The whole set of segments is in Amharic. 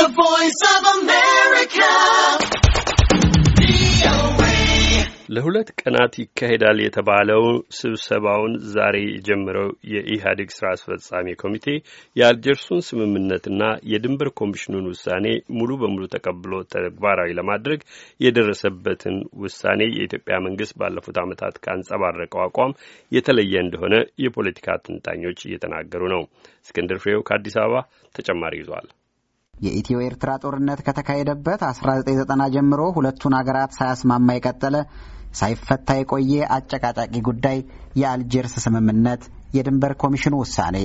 The Voice of America. ለሁለት ቀናት ይካሄዳል የተባለው ስብሰባውን ዛሬ የጀመረው የኢህአዴግ ስራ አስፈጻሚ ኮሚቴ የአልጀርሱን ስምምነትና የድንበር ኮሚሽኑን ውሳኔ ሙሉ በሙሉ ተቀብሎ ተግባራዊ ለማድረግ የደረሰበትን ውሳኔ የኢትዮጵያ መንግስት ባለፉት ዓመታት ካንጸባረቀው አቋም የተለየ እንደሆነ የፖለቲካ ትንታኞች እየተናገሩ ነው። እስክንድር ፍሬው ከአዲስ አበባ ተጨማሪ ይዟል። የኢትዮ ኤርትራ ጦርነት ከተካሄደበት 1990 ጀምሮ ሁለቱን አገራት ሳያስማማ የቀጠለ ሳይፈታ የቆየ አጨቃጫቂ ጉዳይ የአልጀርስ ስምምነት፣ የድንበር ኮሚሽኑ ውሳኔ፣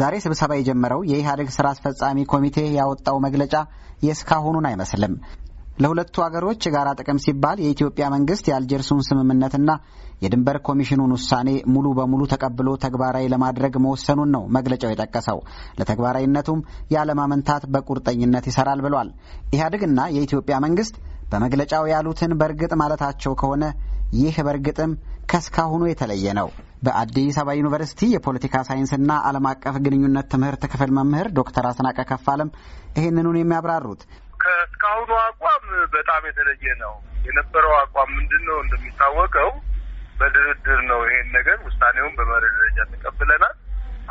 ዛሬ ስብሰባ የጀመረው የኢህአዴግ ስራ አስፈጻሚ ኮሚቴ ያወጣው መግለጫ የእስካሁኑን አይመስልም። ለሁለቱ አገሮች የጋራ ጥቅም ሲባል የኢትዮጵያ መንግስት የአልጀርሱን ስምምነትና የድንበር ኮሚሽኑን ውሳኔ ሙሉ በሙሉ ተቀብሎ ተግባራዊ ለማድረግ መወሰኑን ነው መግለጫው የጠቀሰው። ለተግባራዊነቱም ያለማመንታት በቁርጠኝነት ይሰራል ብሏል። ኢህአዴግና የኢትዮጵያ መንግስት በመግለጫው ያሉትን በእርግጥ ማለታቸው ከሆነ ይህ በእርግጥም ከስካሁኑ የተለየ ነው። በአዲስ አበባ ዩኒቨርሲቲ የፖለቲካ ሳይንስና ዓለም አቀፍ ግንኙነት ትምህርት ክፍል መምህር ዶክተር አስናቀ ከፋለም ይህንኑን የሚያብራሩት ከእስካሁኑ አቋም በጣም የተለየ ነው። የነበረው አቋም ምንድን ነው? እንደሚታወቀው በድርድር ነው ይሄን ነገር ውሳኔውን በመሪ ደረጃ ተቀብለናል።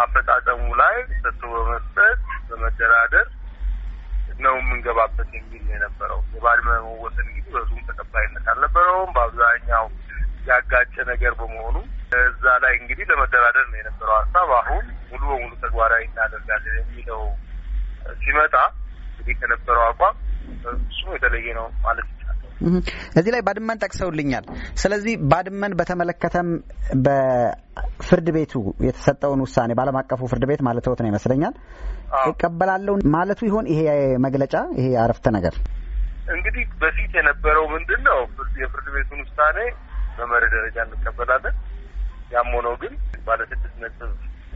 አፈጻጸሙ ላይ ሰጥቶ በመስጠት በመደራደር ነው የምንገባበት የሚል ነው የነበረው። የባድመ መወሰን እንግዲህ በዙም ተቀባይነት አልነበረውም። በአብዛኛው ያጋጨ ነገር በመሆኑ እዛ ላይ እንግዲህ ለመደራደር ነው የነበረው ሀሳብ። አሁን ሙሉ በሙሉ ተግባራዊ እናደርጋለን የሚለው ሲመጣ እንግዲህ ከነበረው አቋም እሱ የተለየ ነው ማለት ይቻላል። እዚህ ላይ ባድመን ጠቅሰውልኛል። ስለዚህ ባድመን በተመለከተም በፍርድ ቤቱ የተሰጠውን ውሳኔ በዓለም አቀፉ ፍርድ ቤት ማለት ወት ነው ይመስለኛል ይቀበላለሁ ማለቱ ይሆን ይሄ መግለጫ ይሄ አረፍተ ነገር? እንግዲህ በፊት የነበረው ምንድን ነው የፍርድ ቤቱን ውሳኔ በመሪ ደረጃ እንቀበላለን። ያም ሆኖ ግን ባለስድስት ነጥብ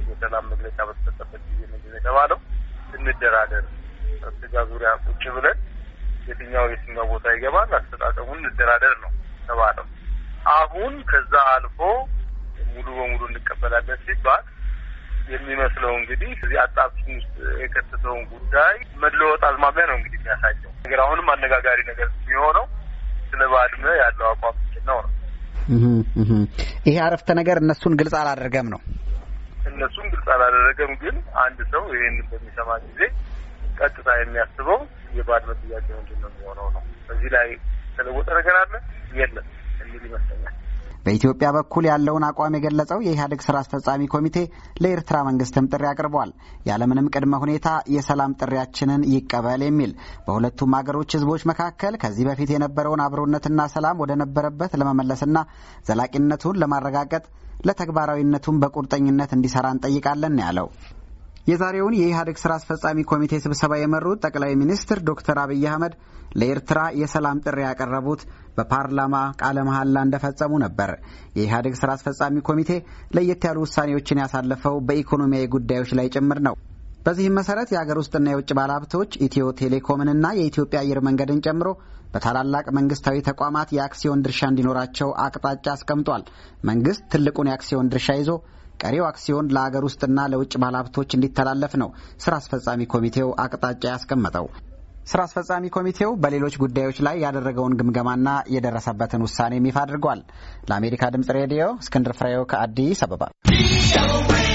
የሰላም መግለጫ በተሰጠበት ጊዜ ምንድን ነው የተባለው? እንደራደር ስጋ ዙሪያ ቁጭ ብለን የትኛው የትኛው ቦታ ይገባል፣ አስተጣጠሙን እንደራደር ነው ተባለው። አሁን ከዛ አልፎ ሙሉ በሙሉ እንቀበላለን ሲባል የሚመስለው እንግዲህ እዚህ አጣብቂኝ ውስጥ የከተተውን ጉዳይ መለወጥ አዝማሚያ ነው እንግዲህ የሚያሳየው ነገር። አሁንም አነጋጋሪ ነገር የሚሆነው ስለ ባድመ ያለው አቋም ነው ነው ይሄ አረፍተ ነገር እነሱን ግልጽ አላደረገም ነው እነሱን ግልጽ አላደረገም። ግን አንድ ሰው ይህን በሚሰማ ጊዜ ቀጥታ የሚያስበው የባድመ ጥያቄ ምንድን ነው የሚሆነው ነው። በዚህ ላይ ተለወጠ ነገር አለ የለም የሚል ይመስለኛል። በኢትዮጵያ በኩል ያለውን አቋም የገለጸው የኢህአዴግ ስራ አስፈጻሚ ኮሚቴ ለኤርትራ መንግስትም ጥሪ አቅርቧል። ያለምንም ቅድመ ሁኔታ የሰላም ጥሪያችንን ይቀበል የሚል በሁለቱም አገሮች ህዝቦች መካከል ከዚህ በፊት የነበረውን አብሮነትና ሰላም ወደ ነበረበት ለመመለስና ዘላቂነቱን ለማረጋገጥ ለተግባራዊነቱም በቁርጠኝነት እንዲሰራ እንጠይቃለን ያለው የዛሬውን የኢህአዴግ ስራ አስፈጻሚ ኮሚቴ ስብሰባ የመሩት ጠቅላይ ሚኒስትር ዶክተር አብይ አህመድ ለኤርትራ የሰላም ጥሪ ያቀረቡት በፓርላማ ቃለ መሐላ እንደፈጸሙ ነበር። የኢህአዴግ ስራ አስፈጻሚ ኮሚቴ ለየት ያሉ ውሳኔዎችን ያሳለፈው በኢኮኖሚያዊ ጉዳዮች ላይ ጭምር ነው። በዚህም መሰረት የአገር ውስጥና የውጭ ባለሀብቶች ኢትዮ ቴሌኮምንና የኢትዮጵያ አየር መንገድን ጨምሮ በታላላቅ መንግስታዊ ተቋማት የአክሲዮን ድርሻ እንዲኖራቸው አቅጣጫ አስቀምጧል። መንግስት ትልቁን የአክሲዮን ድርሻ ይዞ ቀሪው አክሲዮን ለአገር ውስጥና ለውጭ ባለሀብቶች እንዲተላለፍ ነው ስራ አስፈጻሚ ኮሚቴው አቅጣጫ ያስቀመጠው። ስራ አስፈጻሚ ኮሚቴው በሌሎች ጉዳዮች ላይ ያደረገውን ግምገማና የደረሰበትን ውሳኔም ይፋ አድርጓል። ለአሜሪካ ድምጽ ሬዲዮ እስክንድር ፍሬው ከአዲስ አበባ